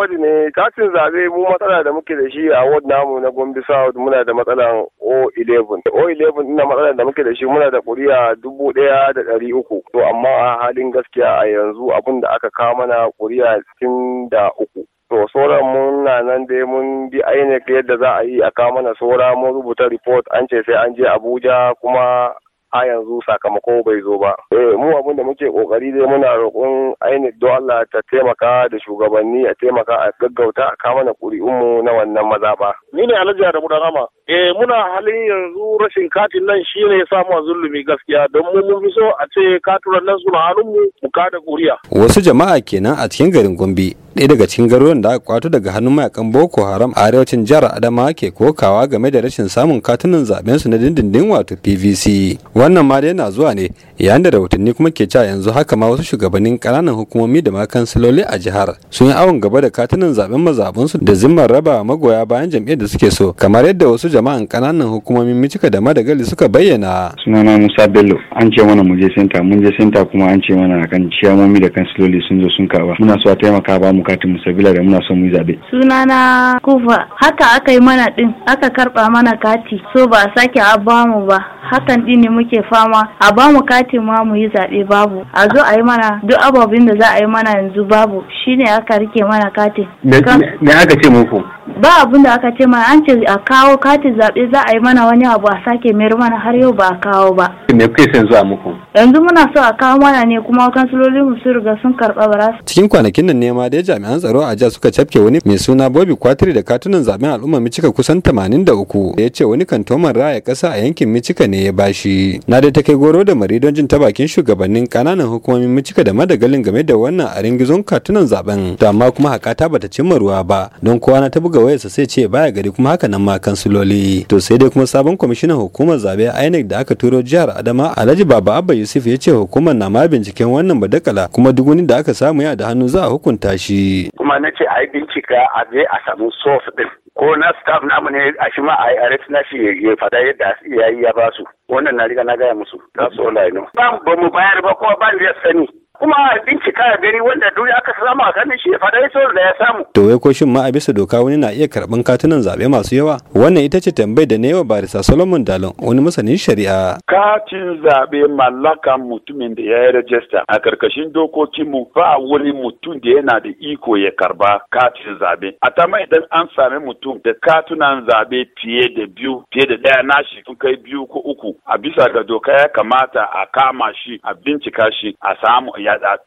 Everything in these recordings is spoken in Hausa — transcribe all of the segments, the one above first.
Muhammadu ne katin zabe mu matsala da muke da shi a ward namu na Gombe South muna da matsalan O11. O11 ina matsalan da muke da shi muna da kuriya dubu ɗaya da ɗari uku. To amma a halin gaskiya a yanzu abin da aka kawo mana kuri'a cikin da uku. to sauran muna nan dai mun bi INEC yadda za a yi a kawo mana saura mun rubuta report an ce sai an je Abuja kuma a yanzu sakamako bai zo ba. Eh mu abin da muke kokari dai muna roƙon ainihin don Allah ta taimaka da shugabanni a taimaka a gaggauta a kama na mu na wannan maza ba. Ni ne Alhaji Adamu rama. Eh muna halin yanzu rashin katin nan shi ne ya samu zulumi gaskiya don mu mun so a ce katuran nan suna hannunmu mu kada ƙuri'a. Wasu jama'a kenan a cikin garin Gombe ɗaya daga cikin garuruwan da aka kwato daga hannun mayakan boko haram a arewacin jihar adama ke kokawa game da rashin samun katunan zaben su na dindindin wato pvc wannan ma dai yana zuwa ne yayin da rahotanni kuma ke cewa yanzu haka ma wasu shugabannin ƙananan hukumomi da ma kansiloli a jihar sun yi awon gaba da katunan zaben mazaɓunsu da zimmar raba magoya bayan jam'iyyar da suke so kamar yadda wasu jama'an ƙananan hukumomin micika da madagali suka bayyana sunana musa bello an ce mana mu je senta mun je senta kuma an ce mana kan ciyamomi da kansiloli sun zo sun karba muna so a taimaka ba mu katin musabila da muna so mu yi zaɓe sunana kufa haka aka yi mana din aka karba mana kati so ba sake a mu ba hakan ɗin ne muke fama a ba mu katin ma mu yi zaɓe babu a zo a yi mana duk ababen da za a yi mana yanzu babu shine aka rike mana katin me aka ce muku ba abin da aka ce mana an ce a kawo katin zaɓe za a yi mana wani abu a sake mayar mana har yau ba a kawo ba me kai zuwa muku yanzu muna so a kawo mana ne kuma kansilolin mu sun riga sun karba barasa cikin kwanakin nan ne ma dai jami'an tsaro a jiya suka cafke wani mai suna Bobby Kwatri da katunan zaben al'umma Micika kusan 83 da uku. ya ce wani kantoman raya kasa a yankin Micika ne ya bashi na dai ta kai goro da mari don jin ta bakin shugabannin kananan hukumomin Micika da madagalin game da wannan a ringizon katunan zaben to amma kuma hakata bata cimma ruwa ba don kowa na ta buga wayarsa sai ce baya gari kuma haka nan ma kansiloli to sai dai kuma sabon kwamishinan hukumar zabe INEC da aka turo jihar adama alhaji baba abba yusuf ya ce hukumar na ma binciken wannan badakala kuma duk wani da aka samu ya da hannu za a hukunta shi kuma na ce a yi bincika a je a samu source din ko na staff namu ne a shi ma a yi arrest na shi ya fada yadda ya yi ya basu wannan na riga na gaya musu ta so i know ba mu bayar ba ko ban da sani kuma a bincika ya gani wanda duk aka samu a ganin shi ya faɗa yaso da ya samu. To wai ko shin ma a bisa doka wani na iya karɓan katunan zaɓe masu yawa? Wannan ita ce tambayar da wa barisa Solomon Dalon wani masanin shari'a. Katin zaɓe mallakan mutumin da ya yi rajista a karkashin dokokin mu ba wani mutum da yana da iko ya karba katin zaɓe. A ma idan an sami mutum da katunan zaɓe fiye da biyu fiye da ɗaya shi sun kai biyu ko uku a bisa ga doka ya kamata a kama shi a bincika shi a samu a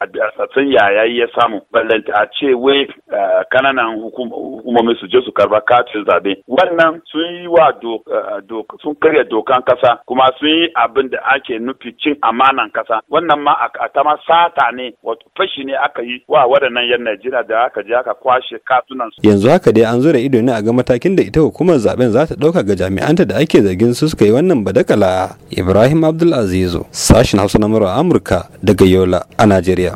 san yaya ya samu ballanta a ce wai eh, kananan hukumomi su je su karba katin zabe wannan sun yi wa eh, sun karya dokan kasa kuma sun yi abin da ake nufi cin amanan kasa wannan ma a ta sata ne wato fashi ne aka yi wa waɗannan yan Najeriya da aka je aka kwashe katunan su yanzu haka dai an zura ido ne a ga matakin da ita hukumar zaben za ta ɗauka ga jami'anta da ake zargin su suka yi wannan badakala Ibrahim Abdulaziz sashin Hausa na Amurka daga Yola ana Najeriya.